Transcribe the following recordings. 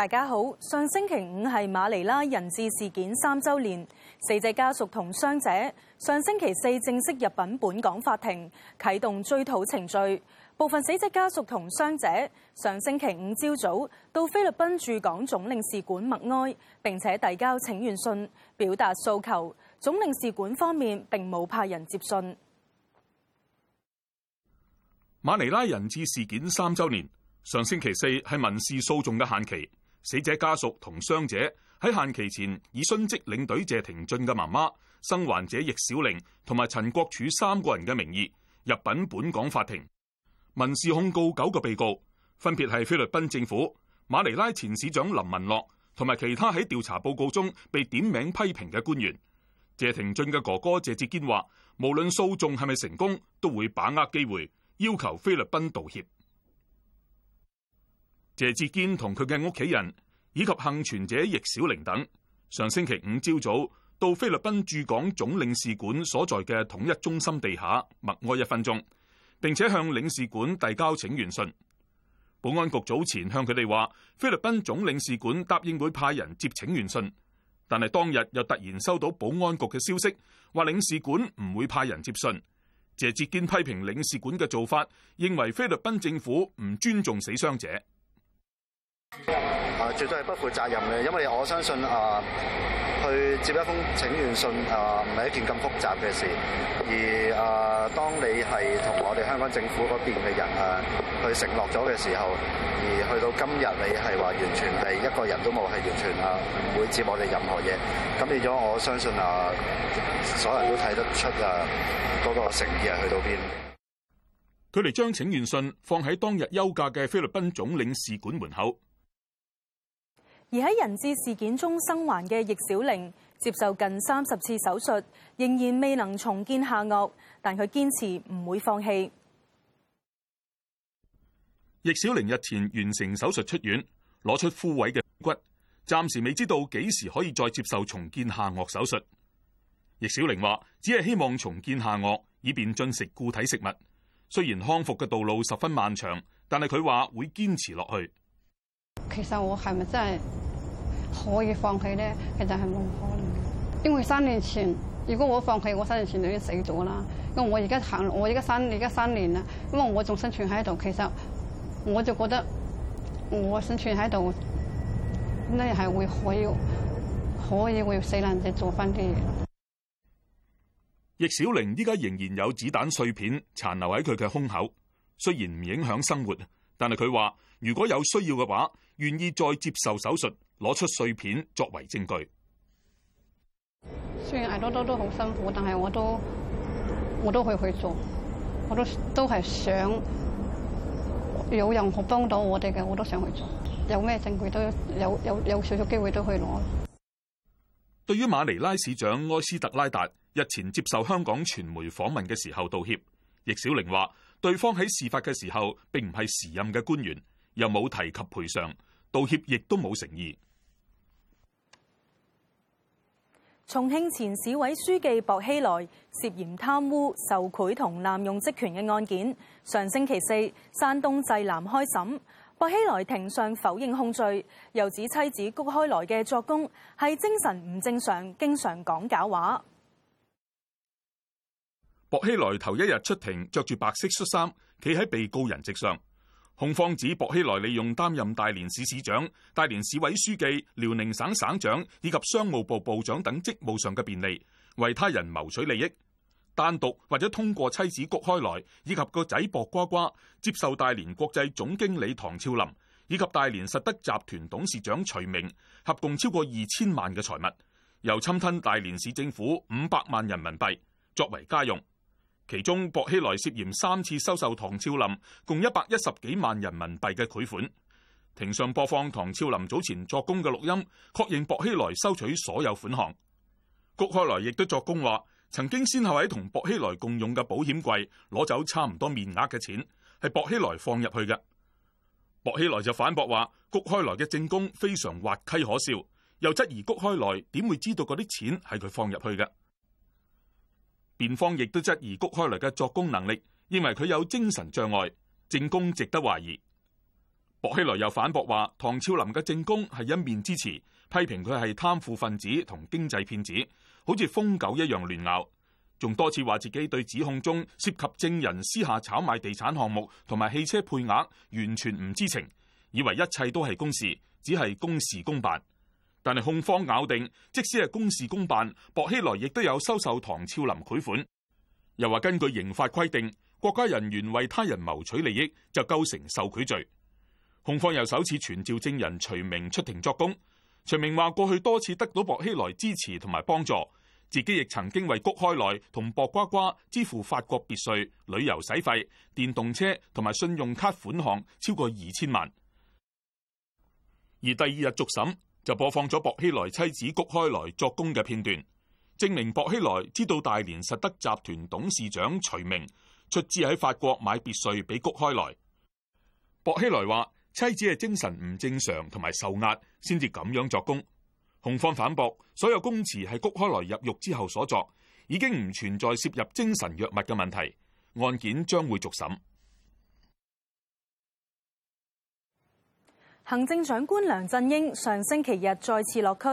大家好，上星期五係馬尼拉人質事件三周年，死者家屬同傷者上星期四正式入稟本港法庭，啟動追討程序。部分死者家屬同傷者上星期五朝早到菲律賓駐港總領事館默哀，並且遞交請願信表達訴求。總領事館方面並冇派人接信。馬尼拉人質事件三周年，上星期四係民事訴訟嘅限期。死者家屬同傷者喺限期前以殉職領隊謝廷駿嘅媽媽、生還者易小玲同埋陳國柱三個人嘅名義入稟本港法庭，民事控告九個被告，分別係菲律賓政府、馬尼拉前市長林文樂同埋其他喺調查報告中被點名批評嘅官員。謝廷駿嘅哥哥謝志堅話，無論訴訟係咪成功，都會把握機會要求菲律賓道歉。謝志堅同佢嘅屋企人以及倖存者易小玲等，上星期五朝早到菲律賓駐港總領事館所在嘅統一中心地下默哀一分鐘，並且向領事館遞交請願信。保安局早前向佢哋話，菲律賓總領事館答應會派人接請願信，但係當日又突然收到保安局嘅消息，話領事館唔會派人接信。謝志堅批評領事館嘅做法，認為菲律賓政府唔尊重死傷者。啊，絕對係不負責任嘅，因為我相信啊，去接一封請願信啊，唔係一件咁複雜嘅事。而啊，當你係同我哋香港政府嗰邊嘅人啊，去承諾咗嘅時候，而去到今日，你係話完全地一個人都冇，係完全啊，唔會接我哋任何嘢。咁變咗，我相信啊，所有人都睇得出啊，嗰個誠意係去到邊。佢哋將請願信放喺當日休假嘅菲律賓總領事館門口。而喺人質事件中生還嘅易小玲接受近三十次手術仍然未能重建下顎，但佢堅持唔會放棄。易小玲日前完成手術出院，攞出枯萎嘅骨，暫時未知道幾時可以再接受重建下顎手術。易小玲話，只係希望重建下顎以便進食固體食物。雖然康復嘅道路十分漫長，但係佢話會堅持落去。其實我係咪真係。可以放棄咧，其實係冇可能嘅，因為三年前如果我放棄，我三年前已經死咗啦。因為我而家行，我而家三而家三年啦，因為我仲生存喺度。其實我就覺得我生存喺度呢，係會可以可以會死難再做翻啲嘢。易小玲依家仍然有子彈碎片殘留喺佢嘅胸口，雖然唔影響生活，但係佢話如果有需要嘅話，願意再接受手術。攞出碎片作為證據。雖然挨多多都好辛苦，但係我都我都可以去做，我都都係想有任何幫到我哋嘅，我都想去做。有咩證據都有有有少少機會都可以攞。對於馬尼拉市長埃斯特拉達日前接受香港傳媒訪問嘅時候道歉，易小玲話：對方喺事發嘅時候並唔係時任嘅官員，又冇提及賠償，道歉亦都冇誠意。重慶前市委書記薄熙來涉嫌貪污、受賄同濫用職權嘅案件，上星期四山東濟南開審。薄熙來庭上否認控罪，又指妻子谷開來嘅作供係精神唔正常，經常講假話。薄熙來頭一日出庭，着住白色恤衫，企喺被告人席上。控方指薄熙來利用擔任大連市市長、大連市委書記、遼寧省省長以及商務部部長等職務上嘅便利，為他人謀取利益，單獨或者通過妻子谷開來以及個仔薄瓜瓜，接受大連國際總經理唐超林以及大連實德集團董事長徐明合共超過二千萬嘅財物，又侵吞大連市政府五百萬人民幣作為家用。其中，薄熙來涉嫌三次收受唐超林共一百一十幾萬人民幣嘅賄款。庭上播放唐超林早前作供嘅錄音，確認薄熙來收取所有款項。谷開來亦都作供話，曾經先後喺同薄熙來共用嘅保險櫃攞走差唔多面額嘅錢，係薄熙來放入去嘅。薄熙來就反駁話，谷開來嘅證供非常滑稽可笑，又質疑谷開來點會知道嗰啲錢係佢放入去嘅。辯方亦都質疑谷開來嘅作供能力，認為佢有精神障礙，證供值得懷疑。薄熙來又反駁話，唐超林嘅證供係一面之詞，批評佢係貪腐分子同經濟騙子，好似瘋狗一樣亂咬，仲多次話自己對指控中涉及證人私下炒賣地產項目同埋汽車配額完全唔知情，以為一切都係公事，只係公事公辦。但係控方咬定，即使係公事公辦，薄熙來亦都有收受唐肖林賄款。又話根據刑法規定，國家人員為他人謀取利益就構成受賄罪。控方又首次傳召證人徐明出庭作供。徐明話過去多次得到薄熙來支持同埋幫助，自己亦曾經為谷開來同薄瓜瓜支付法國別墅、旅遊使費、電動車同埋信用卡款項超過二千萬。而第二日續審。就播放咗薄熙來妻子谷開來作供嘅片段，證明薄熙來知道大連實德集團董事長徐明出資喺法國買別墅俾谷開來。薄熙來話妻子係精神唔正常同埋受壓，先至咁樣作供，控方反駁，所有供詞係谷開來入獄之後所作，已經唔存在攝入精神藥物嘅問題，案件將會續審。行政長官梁振英上星期日再次落區，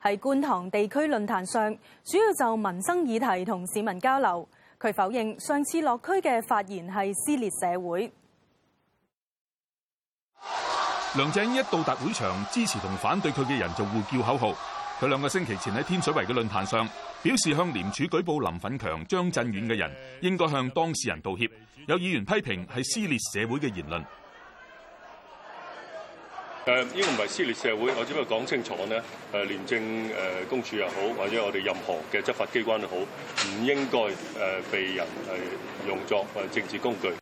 喺觀塘地區論壇上，主要就民生議題同市民交流。佢否認上次落區嘅發言係撕裂社會。梁振英一到達會場，支持同反對佢嘅人就互叫口號。佢兩個星期前喺天水圍嘅論壇上，表示向廉署舉報林奮強、張振遠嘅人應該向當事人道歉。有議員批評係撕裂社會嘅言論。誒，呢個唔係撕裂社會，我只不過講清楚呢誒，廉政誒公署又好，或者我哋任何嘅執法機關都好，唔應該誒被人係用作誒政治工具。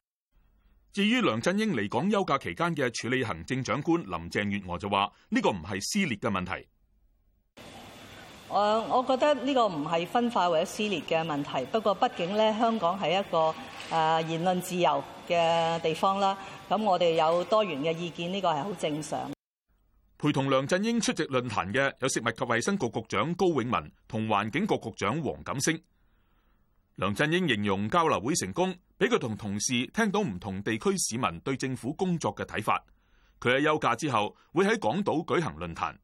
至於梁振英嚟港休假期間嘅處理，行政長官林鄭月娥就話：呢個唔係撕裂嘅問題。誒，我覺得呢個唔係分化或者撕裂嘅問題。不過，畢竟咧，香港係一個誒言論自由嘅地方啦。咁我哋有多元嘅意見，呢個係好正常的。陪同梁振英出席論壇嘅有食物及衛生局局長高永文同環境局局長黃錦星。梁振英形容交流會成功，俾佢同同事聽到唔同地區市民對政府工作嘅睇法。佢喺休假之後會喺港島舉行論壇。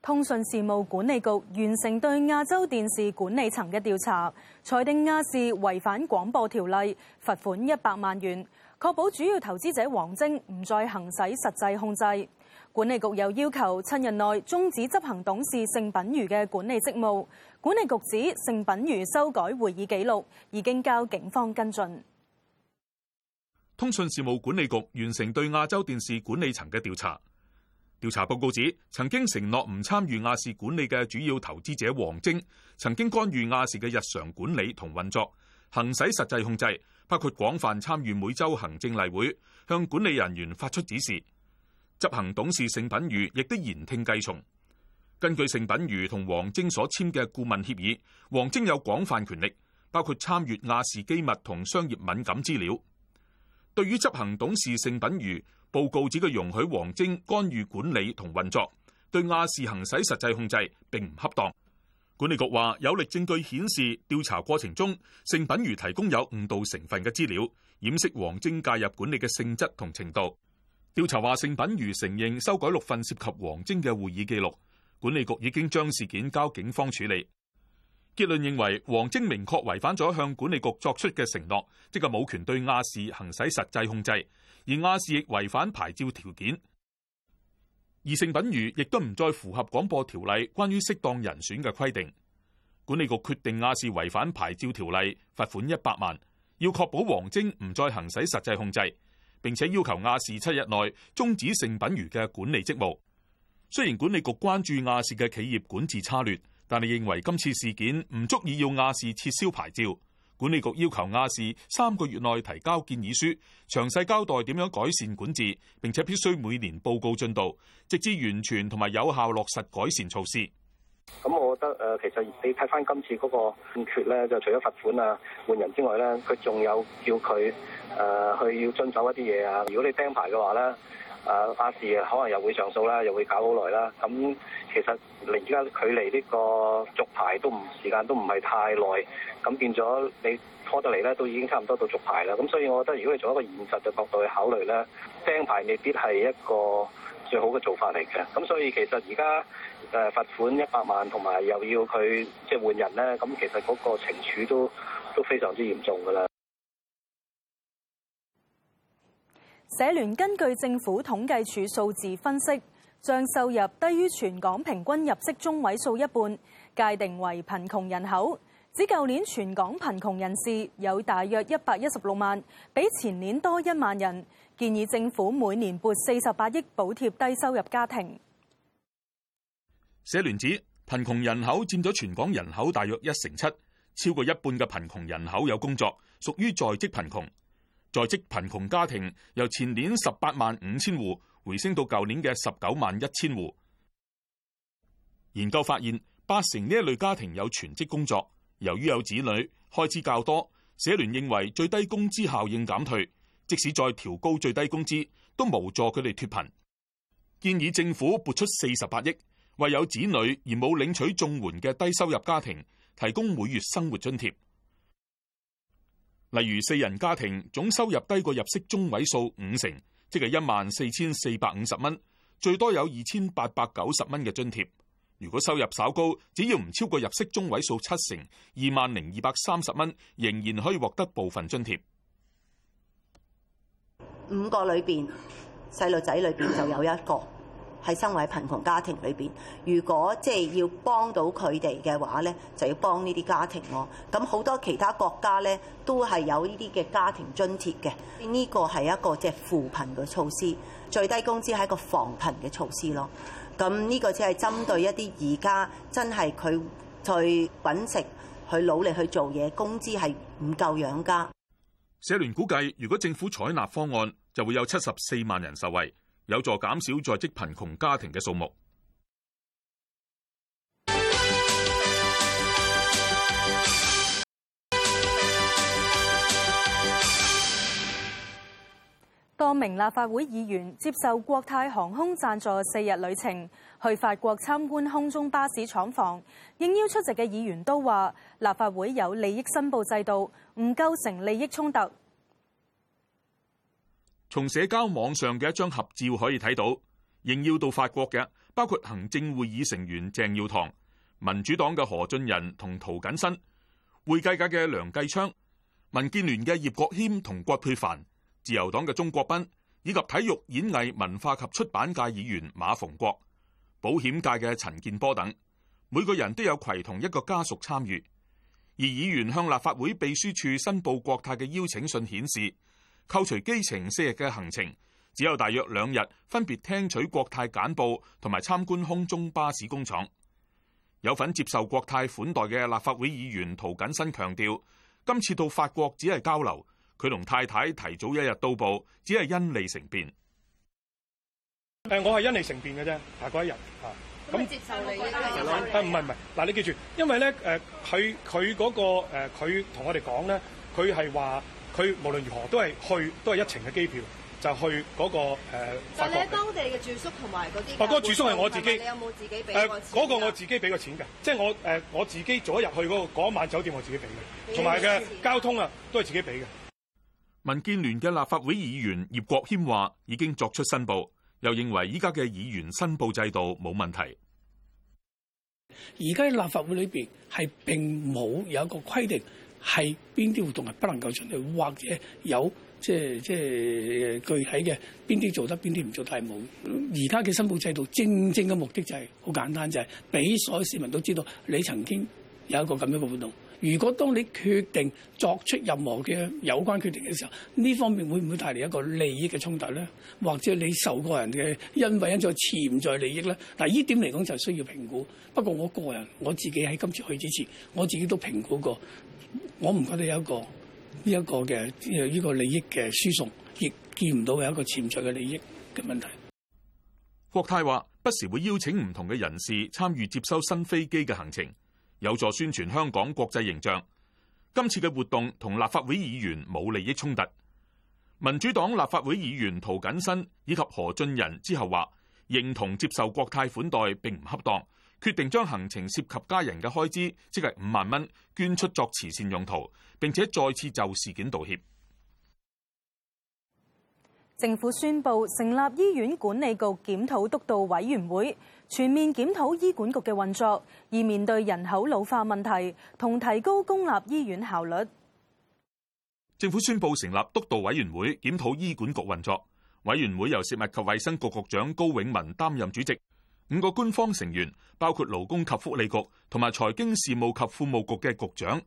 通訊事務管理局完成對亞洲電視管理層嘅調查，裁定亞視違反廣播條例，罰款一百萬元。確保主要投資者王晶唔再行使實際控制，管理局又要求七日內終止執行董事盛品如嘅管理職務。管理局指盛品如修改會議記錄，已經交警方跟進。通訊事務管理局完成對亞洲電視管理層嘅調查，調查報告指曾經承諾唔參與亞視管理嘅主要投資者王晶，曾經干預亞視嘅日常管理同運作，行使實際控制。包括廣泛參與每周行政例會，向管理人員發出指示，執行董事盛品儒亦都言聽計從。根據盛品儒同王征所簽嘅顧問協議，王征有廣泛權力，包括參與亞視機密同商業敏感資料。對於執行董事盛品儒，報告指佢容許王征干預管理同運作，對亞視行使實際控制，並唔恰當。管理局話有力證據顯示，調查過程中，盛品如提供有誤導成分嘅資料，掩飾黃晶介入管理嘅性質同程度。調查話，盛品如承認修改六份涉及黃晶嘅會議記錄，管理局已經將事件交警方處理。結論認為，黃晶明確違反咗向管理局作出嘅承諾，即係冇權對亞視行使實際控制，而亞視亦違反牌照條件。而盛品儒亦都唔再符合廣播條例關於適當人選嘅規定，管理局決定亞視違反牌照條例，罰款一百萬，要確保王征唔再行使實際控制，並且要求亞視七日內終止盛品儒嘅管理職務。雖然管理局關注亞視嘅企業管治差劣，但係認為今次事件唔足以要亞視撤銷牌照。管理局要求亞視三個月內提交建議書，詳細交代點樣改善管治，並且必須每年報告進度，直至完全同埋有效落實改善措施。咁我覺得誒、呃，其實你睇翻今次嗰個判決咧，就除咗罰款啊、換人之外咧，佢仲有叫佢誒、呃、去要遵守一啲嘢啊。如果你釘牌嘅話咧。啊！亞視啊可能又會上訴啦，又會搞好耐啦。咁其實離而家距離呢個續牌都唔時間都唔係太耐，咁變咗你拖得嚟咧都已經差唔多到續牌啦。咁所以我覺得，如果你做一個現實嘅角度去考慮咧，釘牌未必係一個最好嘅做法嚟嘅。咁所以其實而家誒罰款一百萬，同埋又要佢即係換人咧，咁其實嗰個懲處都都非常之嚴重㗎啦。社聯根據政府統計處數字分析，將收入低於全港平均入息中位數一半，界定為貧窮人口。指舊年全港貧窮人士有大約一百一十六萬，比前年多一萬人。建議政府每年撥四十八億補貼低收入家庭。社聯指貧窮人口佔咗全港人口大約一成七，超過一半嘅貧窮人口有工作，屬於在職貧窮。在職貧窮家庭由前年十八萬五千戶回升到舊年嘅十九萬一千戶。研究發現，八成呢一類家庭有全職工作，由於有子女，開支較多，社聯認為最低工資效應減退，即使再調高最低工資都無助佢哋脱貧。建議政府撥出四十八億，為有子女而冇領取綜援嘅低收入家庭提供每月生活津貼。例如四人家庭總收入低過入息中位數五成，即係一萬四千四百五十蚊，最多有二千八百九十蚊嘅津貼。如果收入稍高，只要唔超過入息中位數七成，二萬零二百三十蚊，仍然可以獲得部分津貼。五個裏邊，細路仔裏邊就有一個。喺生活喺貧窮家庭裏邊，如果即係要幫到佢哋嘅話咧，就要幫呢啲家庭咯。咁好多其他國家咧都係有呢啲嘅家庭津貼嘅。呢個係一個即係扶貧嘅措施，最低工資係一個防貧嘅措施咯。咁呢個只係針對一啲而家真係佢最揾食，去努力去做嘢，工資係唔夠養家。社聯估計，如果政府採納方案，就會有七十四萬人受惠。有助減少在職貧窮家庭嘅數目。多名立法會議員接受國泰航空贊助四日旅程，去法國參觀空中巴士廠房。應邀出席嘅議員都話，立法會有利益申報制度，唔構成利益衝突。從社交網上嘅一張合照可以睇到，應邀到法國嘅包括行政會議成員鄭耀棠、民主黨嘅何俊仁同涂謹申、會計界嘅梁繼昌、民建聯嘅葉國謙同葛佩帆、自由黨嘅鍾國斌，以及體育演藝文化及出版界議員馬逢國、保險界嘅陳健波等，每個人都有攜同一個家屬參與。而議員向立法會秘書處申報國泰嘅邀請信顯示。扣除機程四日嘅行程，只有大約兩日，分別聽取國泰簡報同埋參觀空中巴士工廠。有份接受國泰款待嘅立法會議員涂謹申強調，今次到法國只係交流，佢同太太提早一日到埗，只係因利成便。誒，我係因利成便嘅啫，排過一日嚇。咁接受你，唔係唔係嗱，你記住，因為咧誒，佢佢嗰個呃，佢同我哋講咧，佢係話。佢無論如何都係去，都係一程嘅機票，就去嗰、那個誒。就、呃、你喺當地嘅住宿同埋嗰啲。法國住宿係我自己。是是你有冇自己俾？誒、呃，嗰、那個我自己俾過錢㗎，即、就、係、是、我誒、呃、我自己咗入去嗰、那個、晚酒店我自己俾嘅，同埋嘅交通啊，啊都係自己俾嘅。民建聯嘅立法會議員葉國謙話：已經作出申報，又認為依家嘅議員申報制度冇問題。而家立法會裏邊係並冇有一個規定。係邊啲活動係不能夠出嚟，或者有即係即係具體嘅邊啲做得，邊啲唔做都係冇。而家嘅申報制度正正嘅目的就係、是、好簡單，就係、是、俾所有市民都知道你曾經有一個咁樣嘅活動。如果當你決定作出任何嘅有關決定嘅時候，呢方面會唔會帶嚟一個利益嘅衝突咧？或者你受個人嘅恩惠一種潛在利益咧？嗱，呢點嚟講就需要評估。不過我個人我自己喺今次去之前，我自己都評估過。我唔覺得有一個呢一個嘅呢個利益嘅輸送，亦見唔到有一個潛在嘅利益嘅問題。國泰話不時會邀請唔同嘅人士參與接收新飛機嘅行程，有助宣傳香港國際形象。今次嘅活動同立法會議員冇利益衝突。民主黨立法會議員涂謹申以及何俊仁之後話認同接受國泰款待並唔恰當。決定將行程涉及家人嘅開支，即係五萬蚊，捐出作慈善用途，並且再次就事件道歉。政府宣布成立醫院管理局檢討督導委員會檢討，全面檢討醫管局嘅運作，而面對人口老化問題同提高公立醫院效率。政府宣布成立督導委員會，檢討醫管局運作。委員會由食物及衛生局局長高永文擔任主席。五個官方成員包括勞工及福利局同埋財經事務及庫務局嘅局長，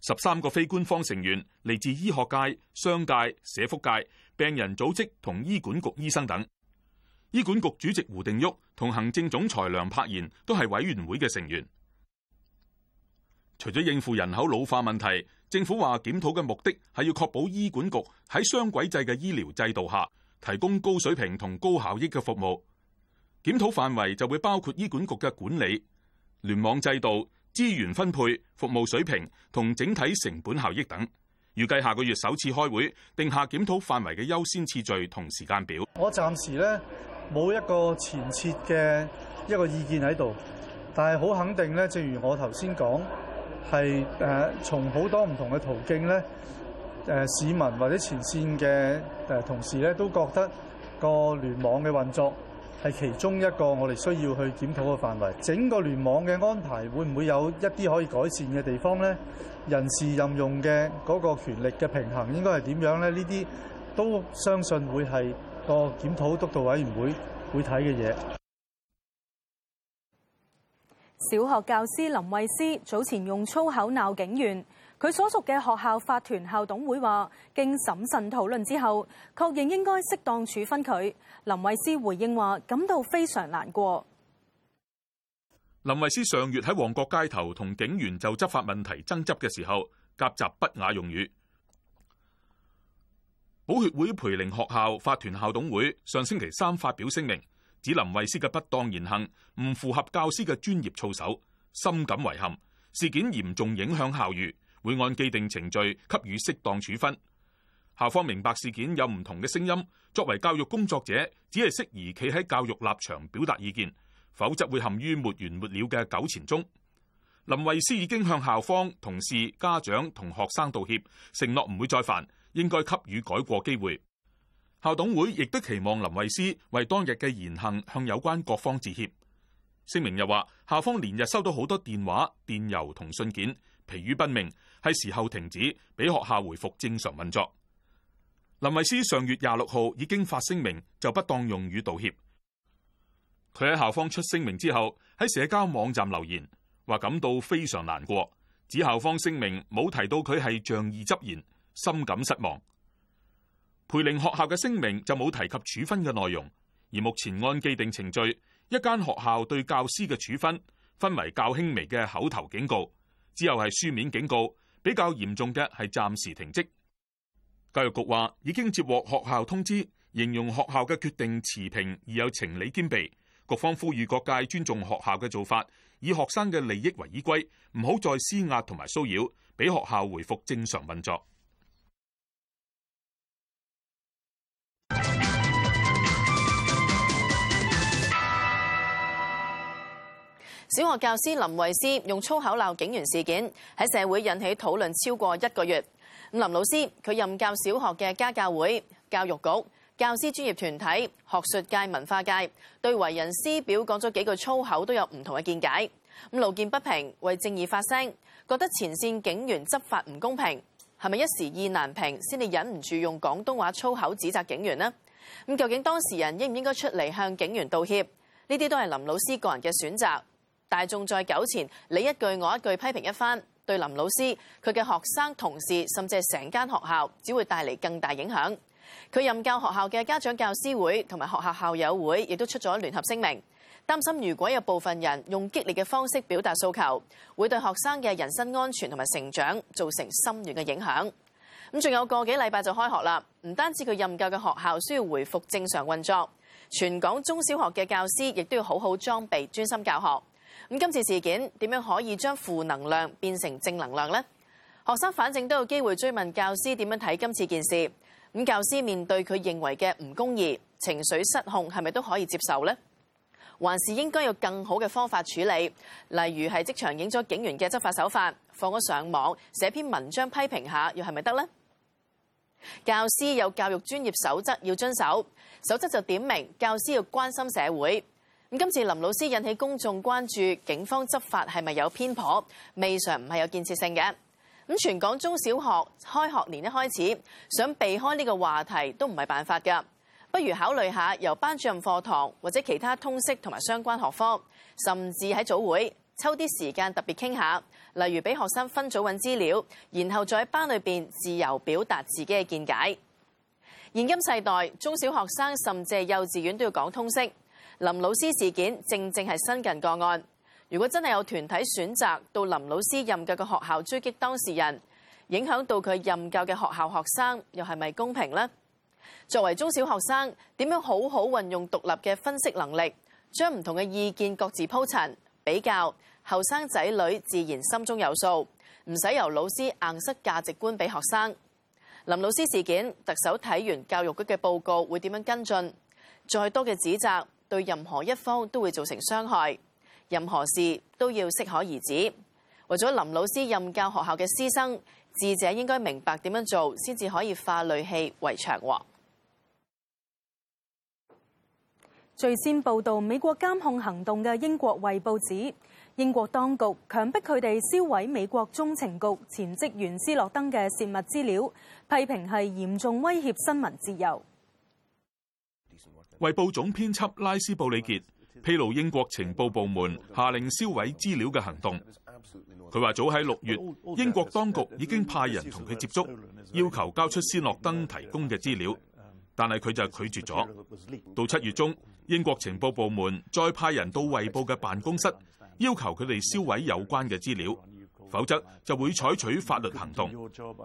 十三個非官方成員嚟自醫學界、商界、社福界、病人組織同醫管局醫生等。醫管局主席胡定旭同行政總裁梁柏賢都係委員會嘅成員。除咗應付人口老化問題，政府話檢討嘅目的係要確保醫管局喺雙軌制嘅醫療制度下提供高水平同高效益嘅服務。檢討範圍就會包括醫管局嘅管理、聯網制度、資源分配、服務水平同整體成本效益等。預計下個月首次開會，定下檢討範圍嘅優先次序同時間表。我暫時呢冇一個前設嘅一個意見喺度，但係好肯定呢，正如我頭先講，係誒從好多唔同嘅途徑呢，誒市民或者前線嘅誒同事咧，都覺得個聯網嘅運作係其中一個我哋需要去檢討嘅範圍，整個聯網嘅安排會唔會有一啲可以改善嘅地方呢？人事任用嘅嗰個權力嘅平衡應該係點樣咧？呢啲都相信會係個檢討督導委員會會睇嘅嘢。小學教師林慧思早前用粗口鬧警員。佢所屬嘅學校法團校董會話，經審慎討論之後，確認應該適當處分佢。林慧思回應話，感到非常難過。林慧思上月喺旺角街頭同警員就執法問題爭執嘅時候，夾雜不雅用語。寶血會培靈學校法團校董會上星期三發表聲明，指林慧思嘅不當言行唔符合教師嘅專業操守，深感遺憾。事件嚴重影響校譽。會按既定程序給予適當處分。校方明白事件有唔同嘅聲音，作為教育工作者，只係適宜企喺教育立場表達意見，否則會陷於沒完沒了嘅糾纏中。林慧思已經向校方、同事、家長同學生道歉，承諾唔會再犯，應該給予改過機會。校董會亦都期望林慧思為當日嘅言行向有關各方致歉。聲明又話，校方連日收到好多電話、電郵同信件。疲於奔命，係時候停止，俾學校回復正常運作。林慧思上月廿六號已經發聲明，就不當用語道歉。佢喺校方出聲明之後，喺社交網站留言，話感到非常難過。指校方聲明冇提到佢係仗義執言，深感失望。培靈學校嘅聲明就冇提及處分嘅內容，而目前按既定程序，一間學校對教師嘅處分分為較輕微嘅口頭警告。之後係書面警告，比較嚴重嘅係暫時停職。教育局話已經接獲學校通知，形容學校嘅決定持平而有情理兼備。局方呼籲各界尊重學校嘅做法，以學生嘅利益為依歸，唔好再施壓同埋騷擾，俾學校回復正常運作。小學教師林慧思用粗口鬧警員事件喺社會引起討論超過一個月。咁林老師佢任教小學嘅家教會、教育局、教師專業團體、學術界、文化界對為人師表講咗幾句粗口都有唔同嘅見解。路見不平為正義發聲，覺得前線警員執法唔公平，係咪一時意難平先至忍唔住用廣東話粗口指責警員呢？咁究竟當事人應唔應該出嚟向警員道歉？呢啲都係林老師個人嘅選擇。大眾再糾纏，你一句我一句批評一番，對林老師、佢嘅學生、同事，甚至係成間學校，只會帶嚟更大影響。佢任教學校嘅家長教師會同埋學校校友會，亦都出咗聯合聲明，擔心如果有部分人用激烈嘅方式表達訴求，會對學生嘅人身安全同埋成長造成深遠嘅影響。咁仲有個幾禮拜就開學啦，唔單止佢任教嘅學校需要回復正常運作，全港中小學嘅教師亦都要好好裝備，專心教學。咁今次事件點樣可以將負能量變成正能量呢？學生反正都有機會追問教師點樣睇今次件事。咁教師面對佢認為嘅唔公義、情緒失控，係咪都可以接受呢？還是應該有更好嘅方法處理？例如係即場影咗警員嘅執法手法，放咗上網，寫篇文章批評下，又係咪得呢？教師有教育專業守則要遵守，守則就點明教師要關心社會。咁今次林老師引起公眾關注，警方執法係咪有偏頗，未嘗唔係有建設性嘅。咁全港中小學開學年一開始，想避開呢個話題都唔係辦法㗎，不如考慮下由班主任課堂或者其他通識同埋相關學科，甚至喺早會抽啲時間特別傾下，例如俾學生分組揾資料，然後再喺班裏邊自由表達自己嘅見解。現今世代中小學生甚至幼稚園都要講通識。林老師事件正正係新近個案。如果真係有團體選擇到林老師任教嘅學校追擊當事人，影響到佢任教嘅學校學生，又係咪公平呢？作為中小學生，點樣好好運用獨立嘅分析能力，將唔同嘅意見各自鋪陳比較，後生仔女自然心中有數，唔使由老師硬塞價值觀俾學生。林老師事件，特首睇完教育局嘅報告會點樣跟進？再多嘅指責，對任何一方都會造成傷害，任何事都要適可而止。為咗林老師任教學校嘅師生，智者應該明白點樣做先至可以化戾氣為祥和。最先報導美國監控行動嘅英國《衛報》指，英國當局強迫佢哋銷毀美國中情局前職員斯諾登嘅泄密資料，批評係嚴重威脅新聞自由。《衛報》總編輯拉斯布里傑披露英國情報部門下令銷毀資料嘅行動。佢話早喺六月，英國當局已經派人同佢接觸，要求交出斯諾登提供嘅資料，但係佢就拒絕咗。到七月中，英國情報部門再派人到《衛報》嘅辦公室，要求佢哋銷毀有關嘅資料。否則就會採取法律行動。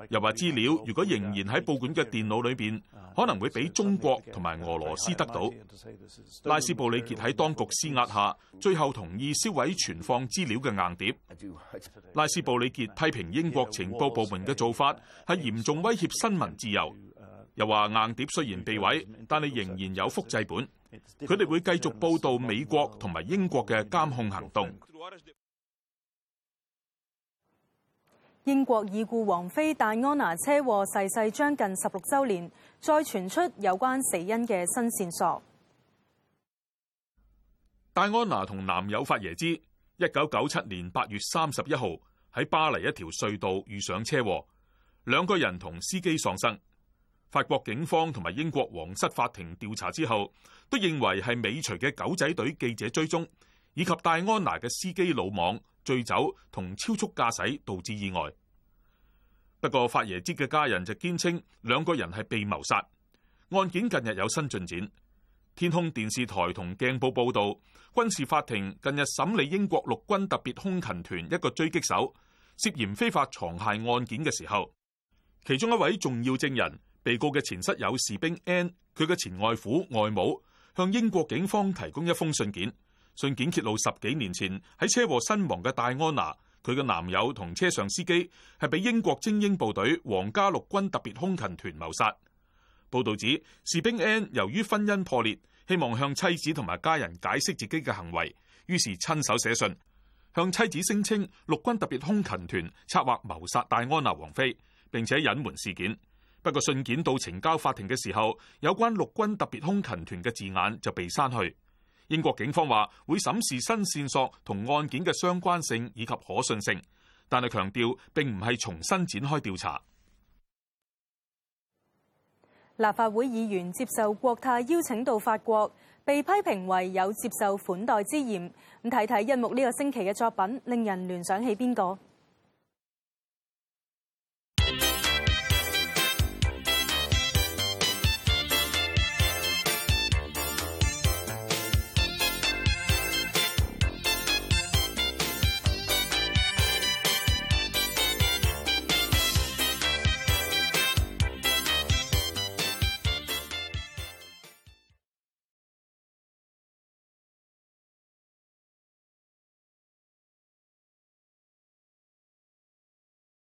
又話資料如果仍然喺報館嘅電腦裏邊，可能會俾中國同埋俄羅斯得到。拉斯布里傑喺當局施壓下，最後同意銷毀存放資料嘅硬碟。拉斯布里傑批評英國情報部門嘅做法係嚴重威脅新聞自由。又話硬碟雖然被毀，但係仍然有複製本，佢哋會繼續報導美國同埋英國嘅監控行動。英國已故王妃戴安娜車禍逝世將近十六周年，再傳出有關死因嘅新線索。戴安娜同男友法耶茲，一九九七年八月三十一號喺巴黎一條隧道遇上車禍，兩個人同司機喪生。法國警方同埋英國皇室法庭調查之後，都認為係尾隨嘅狗仔隊記者追蹤，以及戴安娜嘅司機魯莽，醉酒同超速駕駛導致意外。不過，法耶茲嘅家人就堅稱兩個人係被謀殺。案件近日有新進展。天空電視台同鏡報報導，軍事法庭近日審理英國陸軍特別空勤團一個狙擊手涉嫌非法藏械案件嘅時候，其中一位重要證人被告嘅前室友士兵 N，佢嘅前外父外母向英國警方提供一封信件。信件揭露十幾年前喺車禍身亡嘅戴安娜，佢嘅男友同車上司機係被英國精英部隊皇家陸軍特別空勤團謀殺。報道指士兵 N 由於婚姻破裂，希望向妻子同埋家人解釋自己嘅行為，於是親手寫信向妻子聲稱陸軍特別空勤團策劃謀殺戴安娜王妃，並且隱瞞事件。不過，信件到呈交法庭嘅時候，有關陸軍特別空勤團嘅字眼就被刪去。英國警方話會審視新線索同案件嘅相關性以及可信性，但係強調並唔係重新展開調查。立法會議員接受國泰邀請到法國，被批評為有接受款待之嫌。咁睇睇一木呢個星期嘅作品，令人聯想起邊個？